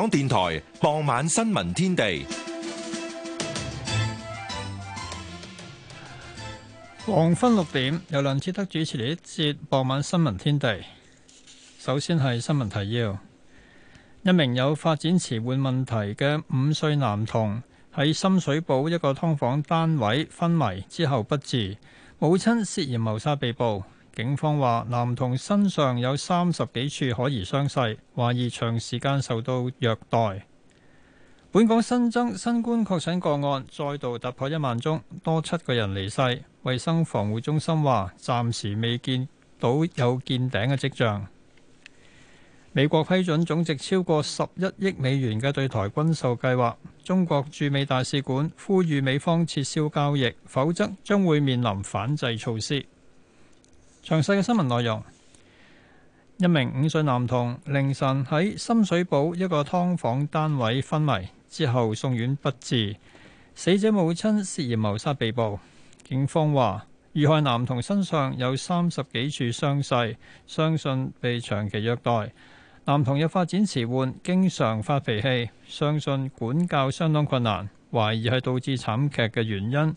香港電台傍晚新聞天地，黃昏六點由梁志德主持呢一節傍晚新聞天地。首先係新聞提要：一名有發展遲緩問題嘅五歲男童喺深水埗一個劏房單位昏迷之後不治，母親涉嫌謀殺被捕。警方話，男童身上有三十幾處可疑傷勢，懷疑長時間受到虐待。本港新增新冠確診個案再度突破一萬宗，多七個人離世。衛生防護中心話，暫時未見到有見頂嘅跡象。美國批准總值超過十一億美元嘅對台軍售計劃，中國駐美大使館呼籲美方撤銷交易，否則將會面臨反制措施。詳細嘅新聞內容：一名五歲男童凌晨喺深水埗一個劏房單位昏迷，之後送院不治。死者母親涉嫌謀殺被捕。警方話，遇害男童身上有三十幾處傷勢，相信被長期虐待。男童有發展遲緩，經常發脾氣，相信管教相當困難，懷疑係導致慘劇嘅原因。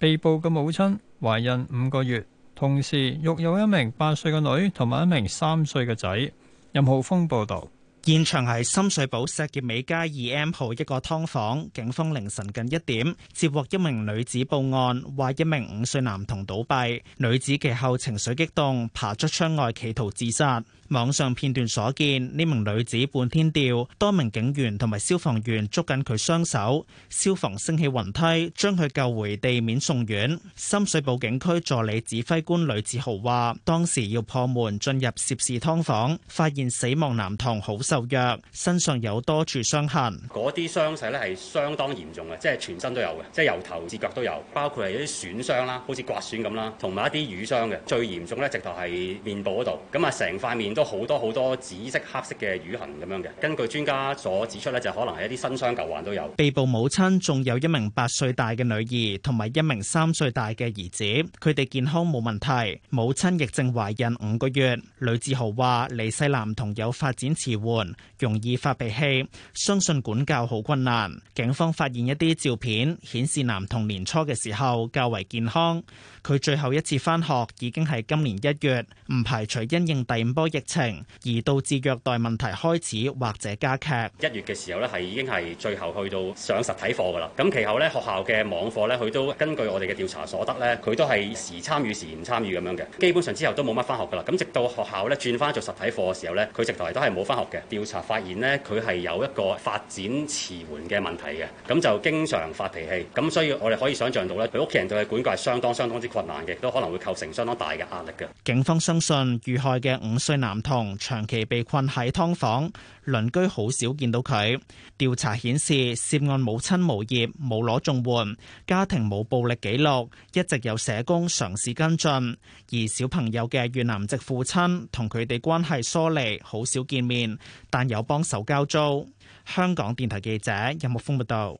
被捕嘅母親懷孕五個月。同時，育有一名八歲嘅女同埋一名三歲嘅仔。任浩峰報道，現場係深水埗石硖尾街二 M 號一個劏房。警方凌晨近一點接獲一名女子報案，話一名五歲男童倒斃。女子其後情緒激動，爬出窗外企圖自殺。網上片段所見，呢名女子半天吊，多名警員同埋消防員捉緊佢雙手，消防升起雲梯將佢救回地面送院。深水埗警區助理指揮官呂志豪話，當時要破門進入涉事劏房，發現死亡男童好受虐，身上有多處傷痕。嗰啲傷勢呢係相當嚴重嘅，即係全身都有嘅，即係由頭至腳都有，包括係啲損傷啦，好似刮損咁啦，同埋一啲瘀傷嘅。最嚴重呢直頭係面部嗰度，咁啊成塊面都。好多好多紫色、黑色嘅瘀痕咁樣嘅。根據專家所指出咧，就可能係一啲新傷舊患都有。被捕母親仲有一名八歲大嘅女兒同埋一名三歲大嘅兒子，佢哋健康冇問題，母親亦正懷孕五個月。呂志豪話離世男童有發展遲緩，容易發脾氣，相信管教好困難，警方發現一啲照片顯示男童年初嘅時候較為健康。佢最後一次翻學已經係今年一月，唔排除因應第五波疫而導致虐待問題開始或者加劇。一月嘅時候呢，係已經係最後去到上實體課㗎啦。咁其後呢，學校嘅網課呢，佢都根據我哋嘅調查所得呢，佢都係時參與時唔參與咁樣嘅。基本上之後都冇乜返學㗎啦。咁直到學校呢轉返做實體課嘅時候呢，佢直頭係都係冇返學嘅。調查發現呢，佢係有一個發展遲緩嘅問題嘅，咁就經常發脾氣。咁所以我哋可以想像到呢，佢屋企人對佢管教係相當相當之困難嘅，都可能會構成相當大嘅壓力嘅。警方相信遇害嘅五歲男。同長期被困喺劏房，鄰居好少見到佢。調查顯示，涉案母親無業，冇攞綜援，家庭冇暴力記錄，一直有社工嘗試跟進。而小朋友嘅越南籍父親同佢哋關係疏離，好少見面，但有幫手交租。香港電台記者任木峰報道。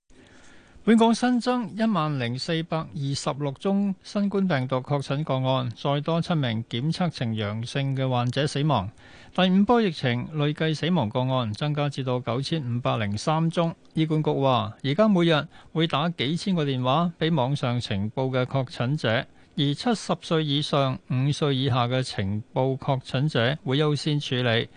本港新增一萬零四百二十六宗新冠病毒確診個案，再多七名檢測呈陽性嘅患者死亡。第五波疫情累計死亡個案增加至到九千五百零三宗。醫管局話，而家每日會打幾千個電話俾網上情報嘅確診者，而七十歲以上、五歲以下嘅情報確診者會優先處理，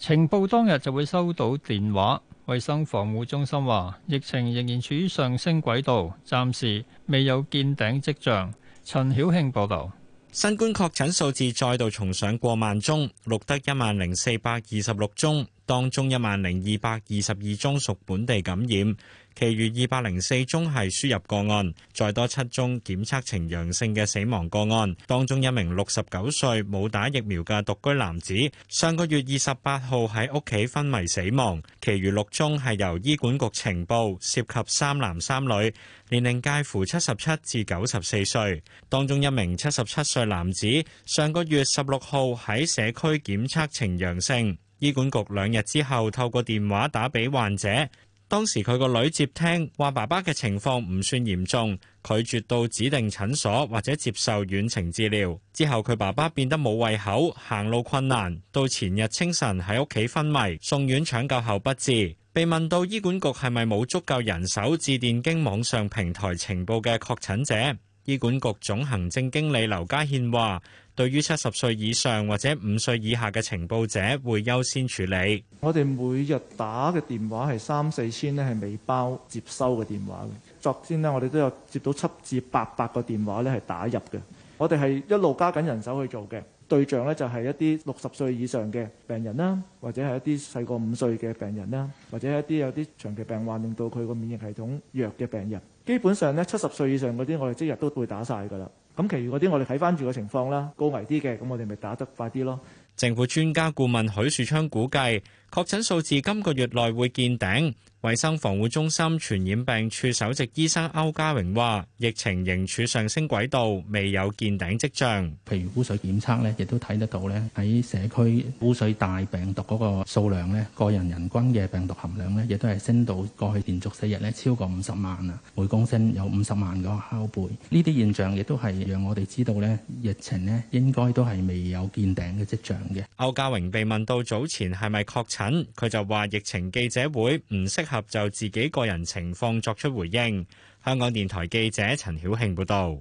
情報當日就會收到電話。衛生防護中心話，疫情仍然處於上升軌道，暫時未有見頂跡象。陳曉慶報道，新冠確診數字再度重上過萬宗，錄得一萬零四百二十六宗。當中一萬零二百二十二宗屬本地感染，其餘二百零四宗係輸入個案，再多七宗檢測呈陽性嘅死亡個案。當中一名六十九歲冇打疫苗嘅獨居男子，上個月二十八號喺屋企昏迷死亡。其餘六宗係由醫管局呈報，涉及三男三女，年齡介乎七十七至九十四歲。當中一名七十七歲男子，上個月十六號喺社區檢測呈陽性。醫管局兩日之後透過電話打俾患者，當時佢個女接聽，話爸爸嘅情況唔算嚴重，拒絕到指定診所或者接受遠程治療。之後佢爸爸變得冇胃口，行路困難，到前日清晨喺屋企昏迷，送院搶救後不治。被問到醫管局係咪冇足夠人手致電經網上平台情報嘅確診者？醫管局總行政經理劉家憲話，對於七十歲以上或者五歲以下嘅情報者，會優先處理。我哋每日打嘅電話係三四千呢，係未包接收嘅電話嘅。昨天呢，我哋都有接到七至八百個電話咧，係打入嘅。我哋係一路加緊人手去做嘅。對象咧就係一啲六十歲以上嘅病人啦，或者係一啲細過五歲嘅病人啦，或者一啲有啲長期病患令到佢個免疫系統弱嘅病人。基本上咧，七十歲以上嗰啲我哋即日都會打晒㗎啦。咁其餘嗰啲我哋睇翻住個情況啦，高危啲嘅咁我哋咪打得快啲咯。政府專家顧問許樹昌估計。確診數字今個月內會見頂，衛生防護中心傳染病處首席醫生歐家榮話，疫情仍處上升軌道，未有見頂跡象。譬如污水檢測呢，亦都睇得到呢，喺社區污水大病毒嗰個數量呢，個人人均嘅病毒含量呢，亦都係升到過去連續四日呢，超過五十萬啊，每公升有五十萬個拷貝。呢啲現象亦都係讓我哋知道呢，疫情呢應該都係未有見頂嘅跡象嘅。歐家榮被問到早前係咪確近佢就話疫情記者會唔適合就自己個人情況作出回應，香港電台記者陳曉慶報道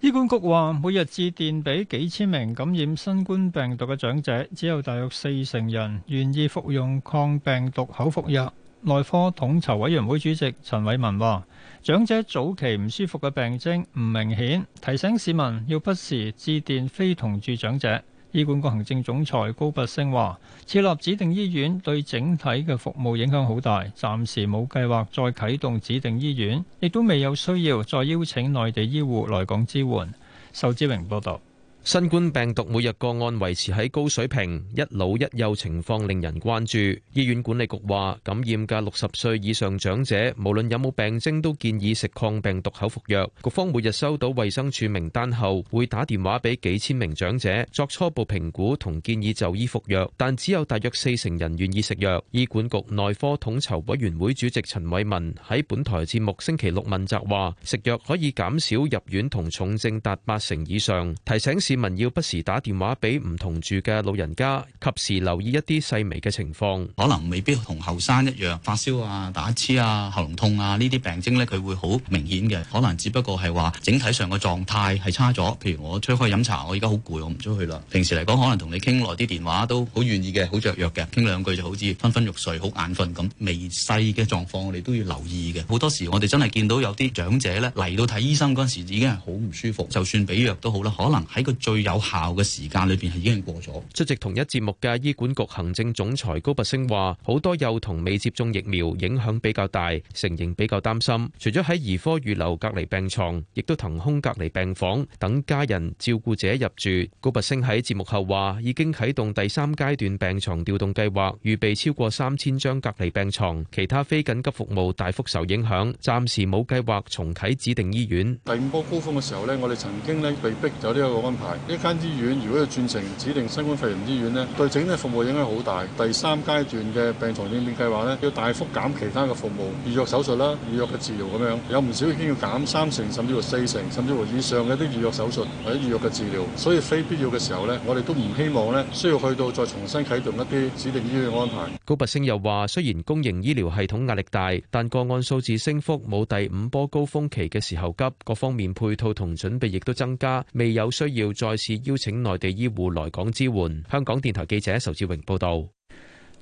醫。醫管局話，每日致電俾幾千名感染新冠病毒嘅長者，只有大約四成人願意服用抗病毒口服藥。內科統籌委員會主席陳偉文話，長者早期唔舒服嘅病徵唔明顯，提醒市民要不時致電非同住長者。醫管局行政總裁高拔升話：設立指定醫院對整體嘅服務影響好大，暫時冇計劃再啟動指定醫院，亦都未有需要再邀請內地醫護來港支援。仇志榮報道。新冠病毒每日個案維持喺高水平，一老一幼情況令人關注。醫院管理局話，感染嘅六十歲以上長者，無論有冇病徵，都建議食抗病毒口服藥。局方每日收到衛生署名單後，會打電話俾幾千名長者作初步評估同建議就醫服藥，但只有大約四成人願意食藥。醫管局內科統籌委員會主席陳偉文喺本台節目星期六問責話，食藥可以減少入院同重症達八成以上，提醒。市民要不時打電話俾唔同住嘅老人家，及時留意一啲細微嘅情況，可能未必同後生一樣發燒啊、打乞嗤啊、喉嚨痛啊呢啲病徵咧，佢會好明顯嘅。可能只不過係話整體上嘅狀態係差咗。譬如我出開飲茶，我而家好攰，我唔出去啦。平時嚟講，可能同你傾耐啲電話都好願意嘅，好雀躍嘅，傾兩句就好似昏昏欲睡、好眼瞓咁。微細嘅狀況，我哋都要留意嘅。好多時我哋真係見到有啲長者咧嚟到睇醫生嗰陣時，已經係好唔舒服。就算俾藥都好啦，可能喺個。最有效嘅時間裏邊已經過咗。出席同一節目嘅醫管局行政總裁高拔昇話，好多幼童未接種疫苗，影響比較大，承認比較擔心。除咗喺兒科預留隔離病床，亦都騰空隔離病房等家人照顧者入住。高拔昇喺節目後話，已經啟動第三階段病床調動計劃，預備超過三千張隔離病床。其他非緊急服務大幅受影響，暫時冇計劃重啟指定醫院。第五波高峰嘅時候呢，我哋曾經呢被逼咗呢一個安排。呢間醫院如果要轉成指定新冠肺炎醫院呢，對整體服務影響好大。第三階段嘅病床應變計劃呢，要大幅減其他嘅服務，預約手術啦，預約嘅治療咁樣，有唔少已經要減三成甚至乎四成甚至乎以上嘅啲預約手術或者預約嘅治療。所以非必要嘅時候呢，我哋都唔希望呢，需要去到再重新啟動一啲指定醫院嘅安排。高拔昇又話：雖然公營醫療系統壓力大，但個案數字升幅冇第五波高峰期嘅時候急，各方面配套同準備亦都增加，未有需要。再次邀請內地醫護來港支援。香港電台記者仇志榮報導。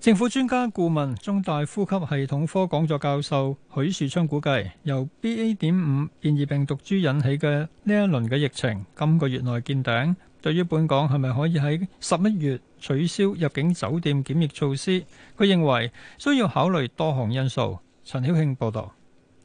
政府專家顧問、中大呼吸系統科講座教授許樹昌估計，由 BA.5 變異病毒株引起嘅呢一輪嘅疫情，今個月內見頂。對於本港係咪可以喺十一月取消入境酒店檢疫措施，佢認為需要考慮多項因素。陳曉慶報導。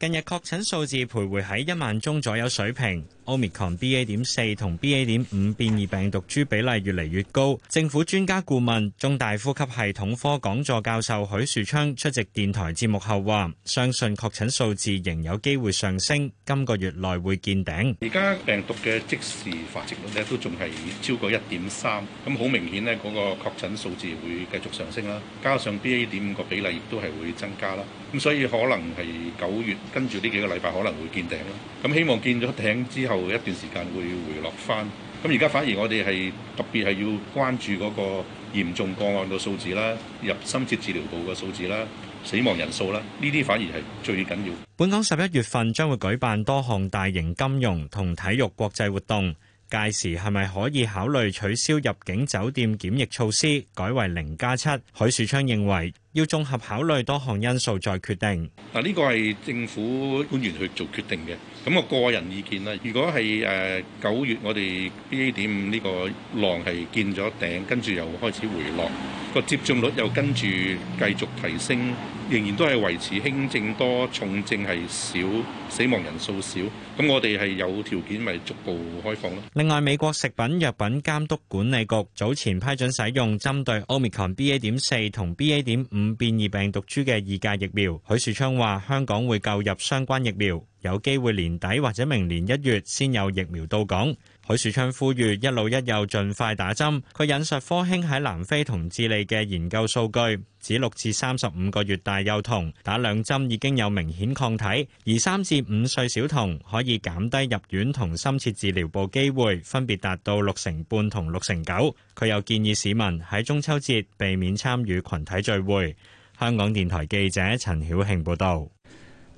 近日確診數字徘徊喺一萬宗左右水平。OmicronBA. 點四同 BA. 點五變異病毒株比例越嚟越高，政府專家顧問、中大呼吸系統科講座教授許樹昌出席電台節目後話，相信確診數字仍有機會上升，今個月內會見頂。而家病毒嘅即時繁殖率咧都仲係超過一點三，咁好明顯咧嗰個確診數字會繼續上升啦，加上 BA. 點五個比例亦都係會增加啦，咁所以可能係九月跟住呢幾個禮拜可能會見頂啦。咁希望見咗個頂之後，一段時間會回落翻，咁而家反而我哋係特別係要關注嗰個嚴重個案個數字啦，入深切治療部個數字啦，死亡人數啦，呢啲反而係最緊要。本港十一月份將會舉辦多項大型金融同體育國際活動，屆時，係咪可以考慮取消入境酒店檢疫措施，改為零加七？許樹昌認為。要綜合考慮多項因素再決定。嗱，呢個係政府官員去做決定嘅。咁我個人意見啦，如果係誒九月我哋 B A 點五呢個浪係見咗頂，跟住又開始回落，個接種率又跟住繼續提升，仍然都係維持輕症多、重症係少、死亡人數少，咁我哋係有條件咪逐步開放咯。另外，美國食品藥品監督管理局早前批准使用針對 Omicron B A 點四同 B A 點五。五變異病毒株嘅二價疫苗，許樹昌話香港會購入相關疫苗，有機會年底或者明年一月先有疫苗到港。許樹昌呼籲一老一幼盡快打針。佢引述科興喺南非同智利嘅研究數據，指六至三十五個月大幼童打兩針已經有明顯抗體，而三至五歲小童可以減低入院同深切治療部機會，分別達到六成半同六成九。佢又建議市民喺中秋節避免參與群體聚會。香港電台記者陳曉慶報導。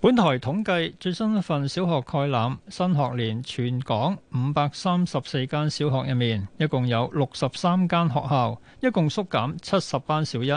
本台統計最新一份小學概覽，新學年全港五百三十四間小學入面，一共有六十三間學校，一共縮減七十班小一，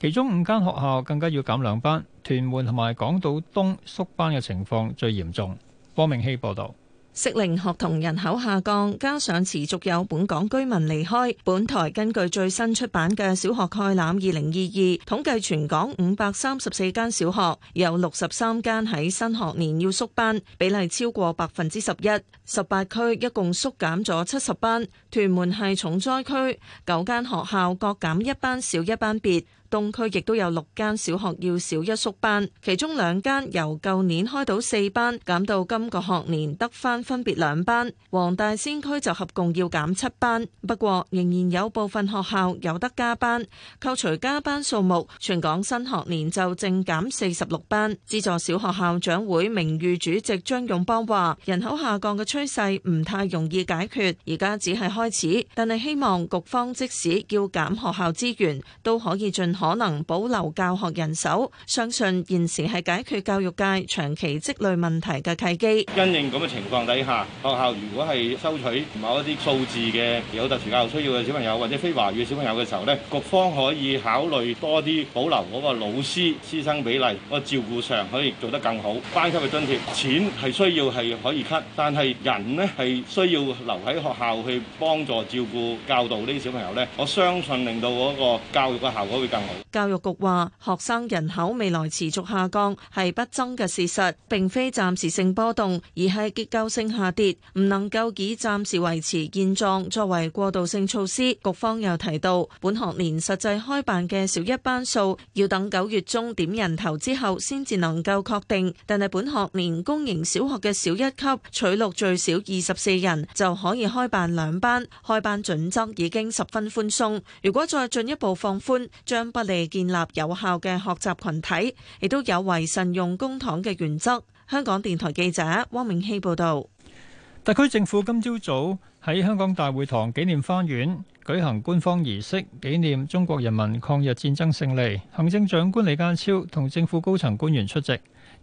其中五間學校更加要減兩班，屯門同埋港島東縮班嘅情況最嚴重。方明希報道。適齡學童人口下降，加上持續有本港居民離開，本台根據最新出版嘅小學概覽二零二二統計，全港五百三十四間小學有六十三間喺新學年要縮班，比例超過百分之十一。十八區一共縮減咗七十班，屯門係重災區，九間學校各減一班，小一班別。東區亦都有六間小學要小一縮班，其中兩間由舊年開到四班，減到今個學年得返分別兩班。黃大仙區就合共要減七班，不過仍然有部分學校有得加班。扣除加班數目，全港新學年就正減四十六班。資助小學校長會名譽主席張勇邦話：人口下降嘅趨勢唔太容易解決，而家只係開始，但係希望局方即使要減學校資源，都可以盡。可能保留教學人手，相信現時係解決教育界長期積累問題嘅契機。因應咁嘅情況底下，學校如果係收取某一啲數字嘅有特殊教育需要嘅小朋友或者非華語嘅小朋友嘅時候咧，局方可以考慮多啲保留嗰個老師師生比例，嗰個照顧上可以做得更好。班級嘅津貼錢係需要係可以 cut，但係人咧係需要留喺學校去幫助照顧教導呢啲小朋友咧。我相信令到嗰個教育嘅效果會更好。教育局話：學生人口未來持續下降係不爭嘅事實，並非暫時性波動，而係結構性下跌，唔能夠以暫時維持現狀作為過渡性措施。局方又提到，本學年實際開辦嘅小一班數，要等九月中點人頭之後先至能夠確定。但係本學年公營小學嘅小一級取錄最少二十四人就可以開辦兩班，開班準則已經十分寬鬆。如果再進一步放寬，將不利建立有效嘅學習羣體，亦都有違慎用公帑嘅原則。香港電台記者汪明希報導。特區政府今朝早喺香港大會堂紀念花園舉行官方儀式，紀念中國人民抗日戰爭勝利。行政長官李家超同政府高層官員出席。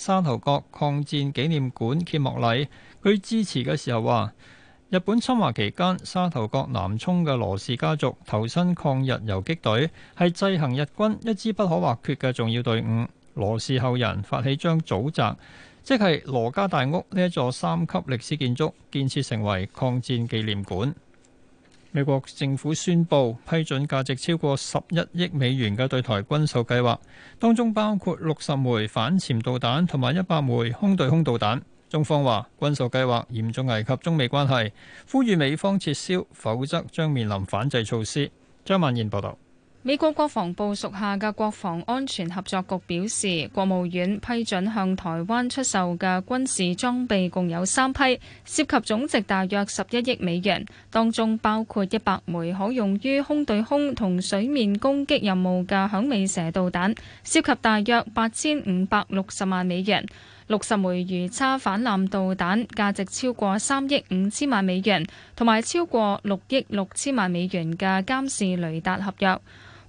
沙頭角抗戰紀念館揭幕禮，佢致辭嘅時候話：日本侵華期間，沙頭角南涌嘅羅氏家族投身抗日遊擊隊，係制衡日軍一支不可或缺嘅重要隊伍。羅氏後人發起將祖宅，即係羅家大屋呢一座三級歷史建築，建設成為抗戰紀念館。美國政府宣布批准價值超過十一億美元嘅對台軍售計劃，當中包括六十枚反潛導彈同埋一百枚空對空導彈。中方話軍售計劃嚴重危及中美關係，呼籲美方撤銷，否則將面臨反制措施。張曼燕報導。美國國防部屬下嘅國防安全合作局表示，國務院批准向台灣出售嘅軍事裝備共有三批，涉及總值大約十一億美元。當中包括一百枚可用於空對空同水面攻擊任務嘅響尾蛇導彈，涉及大約八千五百六十萬美元；六十枚魚叉反艦導彈，價值超過三億五千萬美元，同埋超過六億六千萬美元嘅監視雷達合約。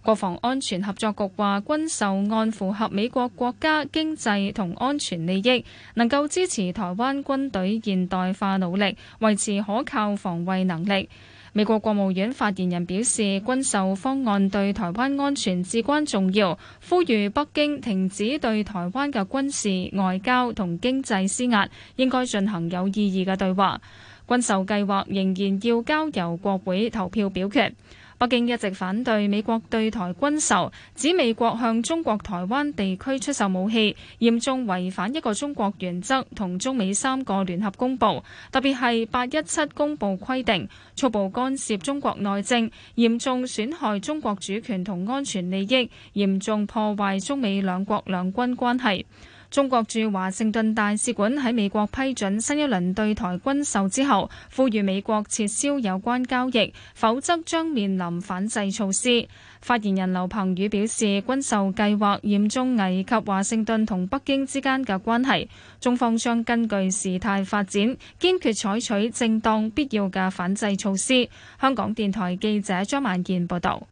國防安全合作局話軍售案符合美國國家經濟同安全利益，能夠支持台灣軍隊現代化努力，維持可靠防衛能力。美國國務院發言人表示，軍售方案對台灣安全至關重要，呼籲北京停止對台灣嘅軍事、外交同經濟施壓，應該進行有意義嘅對話。軍售計劃仍然要交由國會投票表決。北京一直反對美國對台軍售，指美國向中國台灣地區出售武器，嚴重違反一個中國原則同中美三個聯合公報，特別係八一七公報規定，粗暴干涉中國內政，嚴重損害中國主權同安全利益，嚴重破壞中美兩國兩軍關係。中國駐華盛頓大使館喺美國批准新一輪對台軍售之後，呼籲美國撤銷有關交易，否則將面臨反制措施。發言人劉鵬宇表示，軍售計劃嚴重危及華盛頓同北京之間嘅關係，中方將根據事態發展，堅決採取正當必要嘅反制措施。香港電台記者張萬健報道。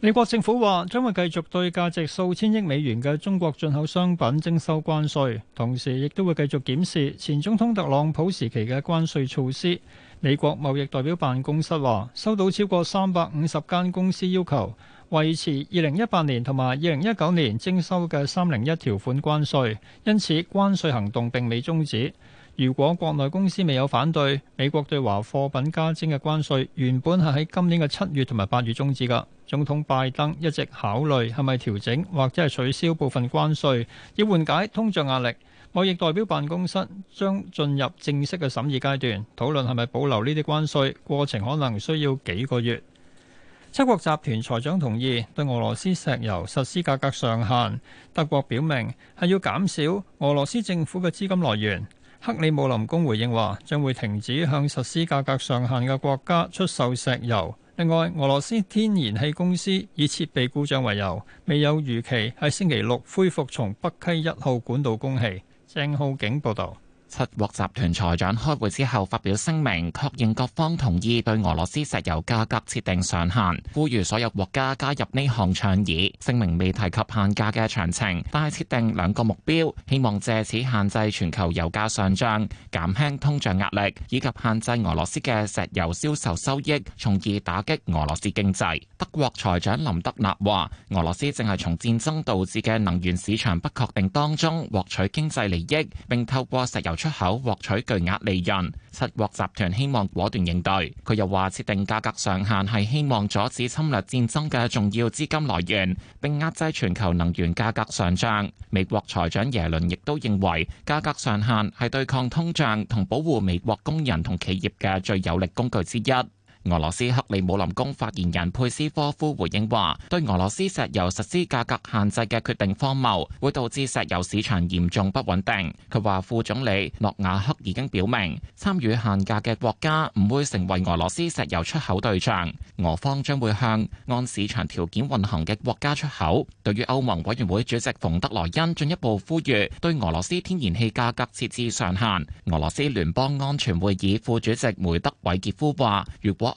美國政府話將會繼續對價值數千億美元嘅中國進口商品徵收關稅，同時亦都會繼續檢視前總統特朗普時期嘅關稅措施。美國貿易代表辦公室話收到超過三百五十間公司要求維持二零一八年同埋二零一九年徵收嘅三零一條款關稅，因此關稅行動並未終止。如果國內公司未有反對，美國對華貨品加徵嘅關稅原本係喺今年嘅七月同埋八月終止㗎。總統拜登一直考慮係咪調整或者係取消部分關稅，以緩解通脹壓力。貿易代表辦公室將進入正式嘅審議階段，討論係咪保留呢啲關稅，過程可能需要幾個月。七國集團財長同意對俄羅斯石油實施價格上限。德國表明係要減少俄羅斯政府嘅資金來源。克里姆林宮回應話，將會停止向實施價格上限嘅國家出售石油。另外，俄羅斯天然氣公司以設備故障為由，未有預期喺星期六恢復從北溪一號管道供氣。鄭浩景報道。七國集團財長開會之後發表聲明，確認各方同意對俄羅斯石油價格設定上限，呼籲所有國家加入呢項倡議。聲明未提及限價嘅詳情，但係設定兩個目標，希望借此限制全球油價上漲，減輕通脹壓力，以及限制俄羅斯嘅石油銷售收益，從而打擊俄羅斯經濟。德國財長林德納話，俄羅斯正係從戰爭導致嘅能源市場不確定當中獲取經濟利益，並透過石油。出口獲取巨額利潤，七國集團希望果斷應對。佢又話：設定價格上限係希望阻止侵略戰爭嘅重要資金來源，並壓制全球能源價格上漲。美國財長耶倫亦都認為，價格上限係對抗通脹同保護美國工人同企業嘅最有力工具之一。俄羅斯克里姆林宮發言人佩斯科夫回應話，對俄羅斯石油實施價格限制嘅決定荒謬，會導致石油市場嚴重不穩定。佢話，副總理諾瓦克已經表明，參與限價嘅國家唔會成為俄羅斯石油出口對象。俄方將會向按市場條件運行嘅國家出口。對於歐盟委員會主席馮德萊恩進一步呼籲對俄羅斯天然氣價格設置上限，俄羅斯聯邦安全會議副主席梅德韋傑夫話，如果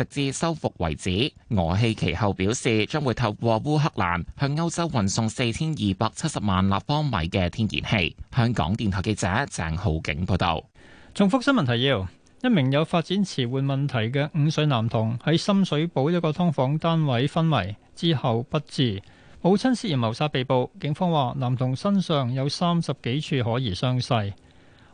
直至收復為止。俄氣其後表示，將會透過烏克蘭向歐洲運送四千二百七十萬立方米嘅天然氣。香港電台記者鄭浩景報道。重複新聞提要：一名有發展遲緩問題嘅五歲男童喺深水埗一個劏房單位昏迷之後不治，母親涉嫌謀殺被捕，警方話男童身上有三十幾處可疑傷勢。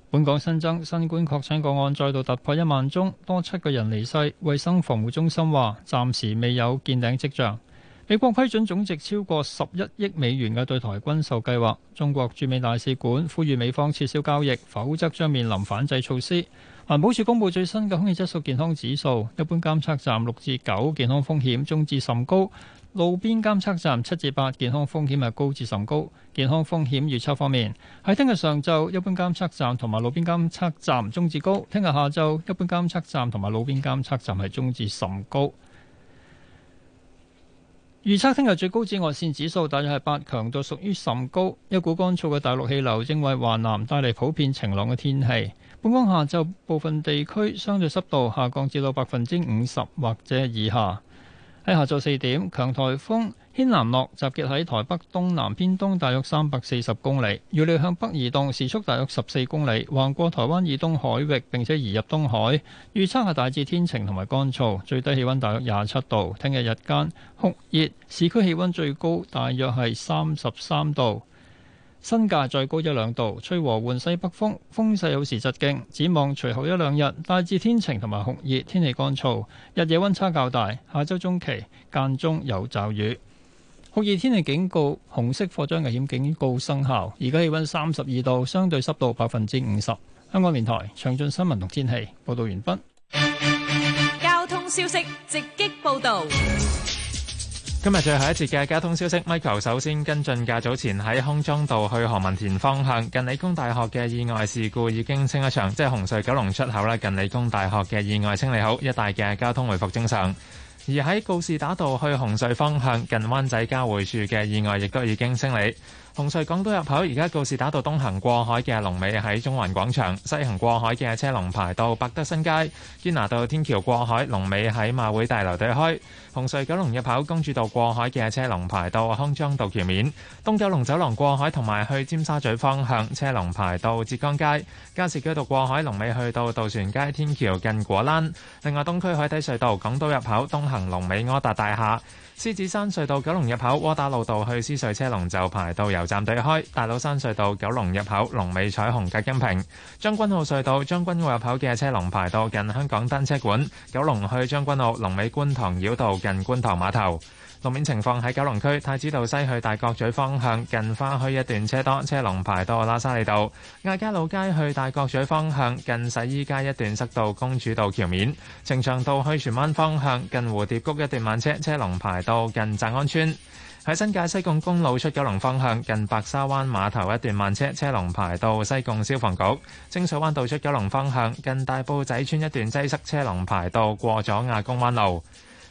本港新增新冠確診個案再度突破一萬宗，多七個人離世。衛生防護中心話，暫時未有見頂跡象。美國批准總值超過十一億美元嘅對台軍售計劃，中國駐美大使館呼籲美方撤銷交易，否則將面臨反制措施。環保署公布最新嘅空氣質素健康指數，一般監測站六至九，健康風險中至甚高。路邊監測站七至八，健康風險係高至甚高。健康風險預測方面，喺聽日上晝一般監測站同埋路邊監測站中至高；聽日下晝一般監測站同埋路邊監測站係中至甚高。預測聽日最高紫外線指數大約係八強度，屬於甚高。一股乾燥嘅大陸氣流正為華南帶嚟普遍晴朗嘅天氣。本港下晝部分地區相對濕度下降至到百分之五十或者以下。喺下晝四點，強颱風軒嵐諾集結喺台北東南偏東，大約三百四十公里，預料向北移動，時速大約十四公里，橫過台灣以東海域，並且移入東海。預測係大致天晴同埋乾燥，最低氣温大約廿七度。聽日日間酷熱，市區氣温最高大約係三十三度。新價再高一兩度，吹和緩西北風，風勢有時疾勁。展望隨後一兩日，大致天晴同埋酷熱，天氣乾燥，日夜温差較大。下周中期，間中有驟雨，酷熱天氣警告紅色火災危險警告生效。而家氣温三十二度，相對濕度百分之五十。香港電台詳盡新聞同天氣，報道完畢。交通消息直擊報道。今日最後一節嘅交通消息，Michael 首先跟進，較早前喺康莊道去何文田方向近理工大學嘅意外事故已經清一場，即係紅隧九龍出口啦，近理工大學嘅意外清理好，一帶嘅交通回復正常。而喺告士打道去紅隧方向近灣仔交匯處嘅意外亦都已經清理。紅隧港島入口，而家告士打道東行過海嘅龍尾喺中環廣場；西行過海嘅車龍排到百德新街。堅拿道天橋過海龍尾喺馬會大樓對開。紅隧九龍入口公主道過海嘅車龍排到康莊道橋面。東九龍走廊過海同埋去尖沙咀方向車龍排到浙江街。加士居道過海龍尾去到渡船街天橋近果欄。另外，東區海底隧道港島入口東行龍尾柯達大廈。獅子山隧道九龍入口窩打老道去獅隧車龍就排到油站對開，大老山隧道九龍入口龍尾彩虹隔音屏，將軍澳隧道將軍澳入口嘅車龍排到近香港單車館，九龍去將軍澳龍尾觀塘繞道近觀塘碼頭。路面情況喺九龍區太子道西去大角咀方向，近花墟一段車多，車龍排到喇沙利道；亞皆老街去大角咀方向，近洗衣街一段塞到公主道橋面；呈祥道去荃灣方向，近蝴蝶谷一段慢車，車龍排到近澤安村；喺新界西貢公路出九龍方向，近白沙灣碼頭一段慢車，車龍排到西貢消防局；清水灣道出九龍方向，近大埔仔村一段擠塞，車龍排到過咗亞公灣路。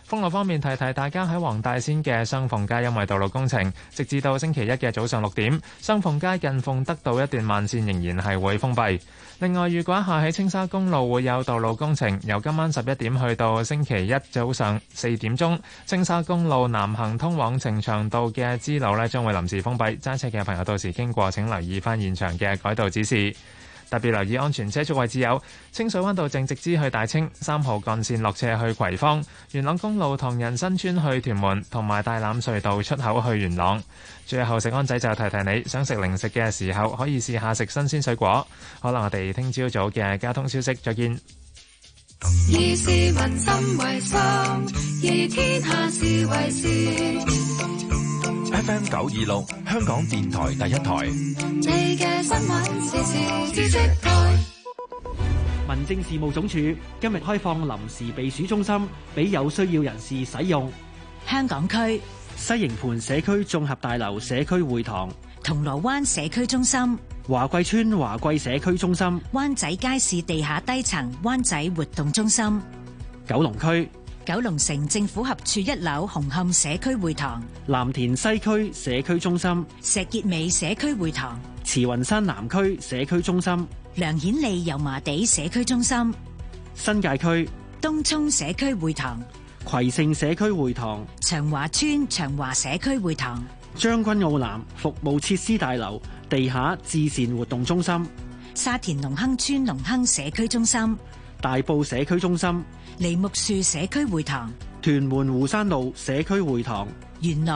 封路方面，提提大家喺黃大仙嘅雙鳳街因為道路工程，直至到星期一嘅早上六點，雙鳳街近鳳德道一段慢綫仍然係會封閉。另外，預告一下喺青沙公路會有道路工程，由今晚十一點去到星期一早上四點鐘，青沙公路南行通往呈祥道嘅支路呢將會臨時封閉。揸車嘅朋友到時經過，請留意翻現場嘅改道指示。特別留意安全車速位置，有清水灣道正直支去大清三號幹線落斜去葵芳、元朗公路唐人新村去屯門，同埋大欖隧道出口去元朗。最後食安仔就提提你，想食零食嘅時候可以試下食新鮮水果。可能我哋聽朝早嘅交通消息再見。以市民心為心，以天下事為事。FM 九二六，香港電台第一台。民政事務總署今日開放臨時避暑中心，俾有需要人士使用。香港區西營盤社區綜合大樓社區會堂、銅鑼灣社區中心、華貴村華貴社區中心、灣仔街市地下低層灣仔活動中心、九龍區。九龍城政府合署一樓紅磡社區會堂、藍田西區社區中心、石硖尾社區會堂、慈雲山南區社區中心、梁顯利油麻地社區中心、新界區東涌社區會堂、葵盛社區會堂、長華邨長華社區會堂、將軍澳南服務設施大樓地下至善活動中心、沙田隆亨邨隆亨社區中心、大埔社區中心。梨木樹社區會堂、屯門湖山路社區會堂、原來。